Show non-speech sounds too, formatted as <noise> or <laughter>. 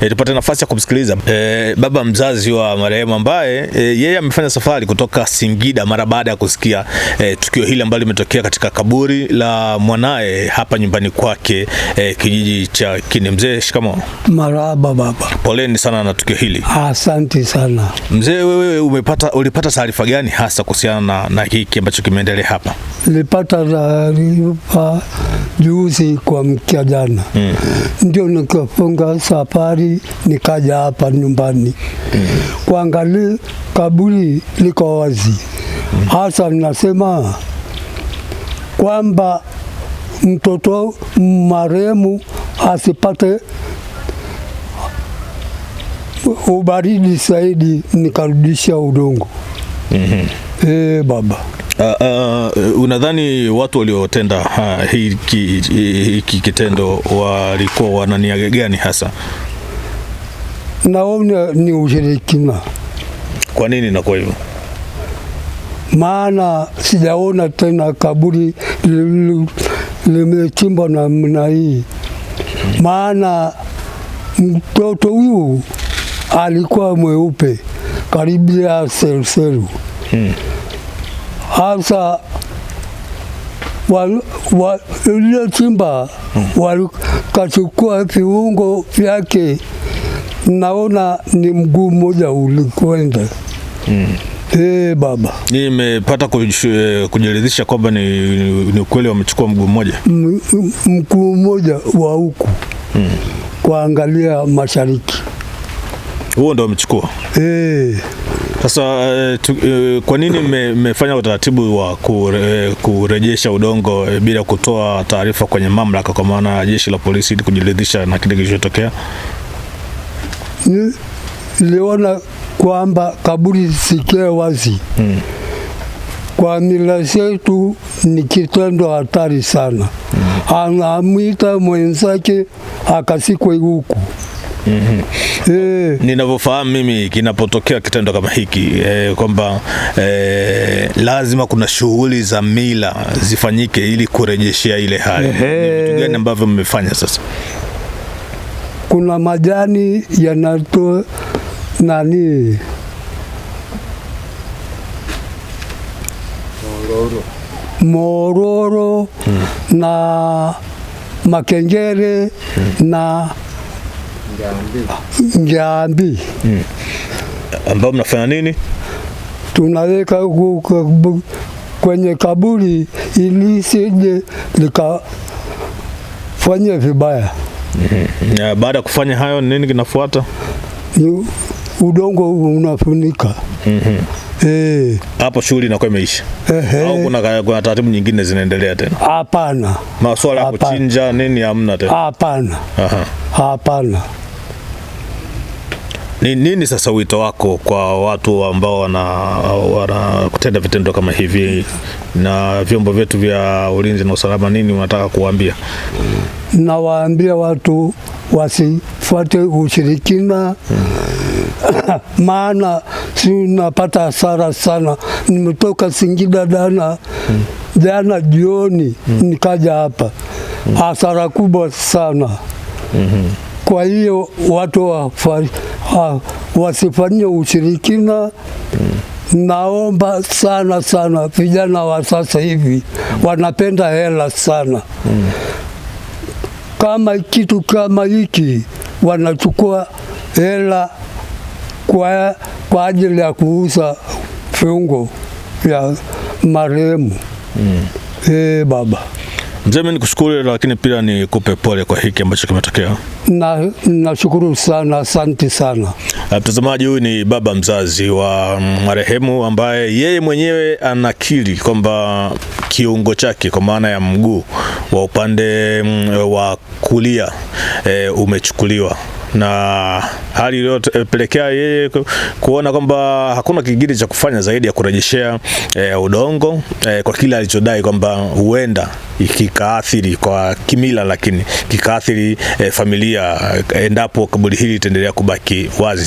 e, tupate nafasi ya kumsikiliza e, baba mzazi wa marehemu ambaye e, yeye amefanya safari kutoka Singida mara baada ya kusikia e, tukio hili ambalo limetokea katika kaburi la mwanaye hapa nyumbani kwake e, kijiji cha Kine. Mzee, shikamoo. Marahaba baba. Poleni sana na tukio hili. Asante sana mzee. Wewe umepata ulipata taarifa gani hasa kuhusiana na, na hiki ambacho kimeendelea hapa? Nilipata taarifa juzi kwa mkia jana, mm. Ndio nikafunga safari hii nikaja hapa nyumbani mm. kuangalia kaburi liko wazi hasa Nasema kwamba mtoto marehemu asipate ubaridi zaidi, nikarudisha udongo mm -hmm. E, baba Uh, uh, unadhani watu waliotenda ah, hiki kitendo walikuwa wanania gani hasa? naona ni ushirikina. Kwa nini kwa hivyo? Maana sijaona tena kaburi limechimbwa namna hii, maana mtoto huyu alikuwa mweupe ya seruseru hmm. hasa hmm. waliochimba wa, hmm. walikachukua viungo vyake naona ni mguu mmoja ulikwenda. mm. E, baba nimepata eh, kujiridhisha kwamba ni, ni ukweli wamechukua mguu mmoja mguu mmoja wa huku mm. kuangalia mashariki huo ndo wamechukua. e. Sasa kwa nini mmefanya me, utaratibu wa kure, kurejesha udongo bila kutoa taarifa kwenye mamlaka, kwa maana jeshi la polisi, ili kujiridhisha na kile kilichotokea? niliona kwamba kaburi zikee wazi mm. Kwa mila zetu ni kitendo hatari sana mm. Anamwita mwenzake akasikwe huku Mm -hmm. E, ninavyofahamu mimi kinapotokea kitendo kama hiki e, kwamba e, lazima kuna shughuli za mila zifanyike ili kurejeshea ile hali. Ni vitu gani ambavyo mmefanya sasa? kuna majani yanatoa nani mororo, mororo hmm. na makengere hmm. na ngambi hmm. ambao mnafanya nini? tunaweka kwenye kaburi ili sije likafanye vibaya. Mm-hmm. Baada ya kufanya hayo, nini kinafuata? Ni udongo huu unafunika mm-hmm. eh. hapo shughuli inakuwa imeisha, au kuna, kuna taratibu nyingine zinaendelea tena? Hapana, masuala ya kuchinja nini hamna tena? Hapana, hapana. Ni nini sasa wito wako kwa watu ambao wanakutenda wana vitendo kama hivi na vyombo vyetu vya ulinzi na usalama, nini unataka kuwaambia? Nawaambia watu wasifuate ushirikina <coughs> maana si napata hasara sana. Nimetoka Singida dana jana jioni nikaja hapa hasara kubwa sana -hmm. Kwa hiyo watu wa ha, wasifanyie ushirikina mm. Naomba sana sana, vijana wa sasa hivi wanapenda hela sana mm. Kama kitu kama hiki wanachukua hela kwa, kwa ajili ya kuuza viungo vya marehemu mm. Eh, baba Mzee, ni kushukuru lakini pia ni kupe pole kwa hiki ambacho kimetokea. Na nashukuru sana, asante sana. Eh, mtazamaji, huyu ni baba mzazi wa marehemu ambaye yeye mwenyewe anakiri kwamba kiungo chake kwa maana ya mguu wa upande mm, wa kulia e, umechukuliwa na hali iliyopelekea yeye kuona kwamba hakuna kingine cha kufanya zaidi ya kurejeshea e, udongo e, kwa kile alichodai kwamba huenda kikaathiri kwa kimila, lakini kikaathiri e, familia endapo kaburi hili litaendelea kubaki wazi.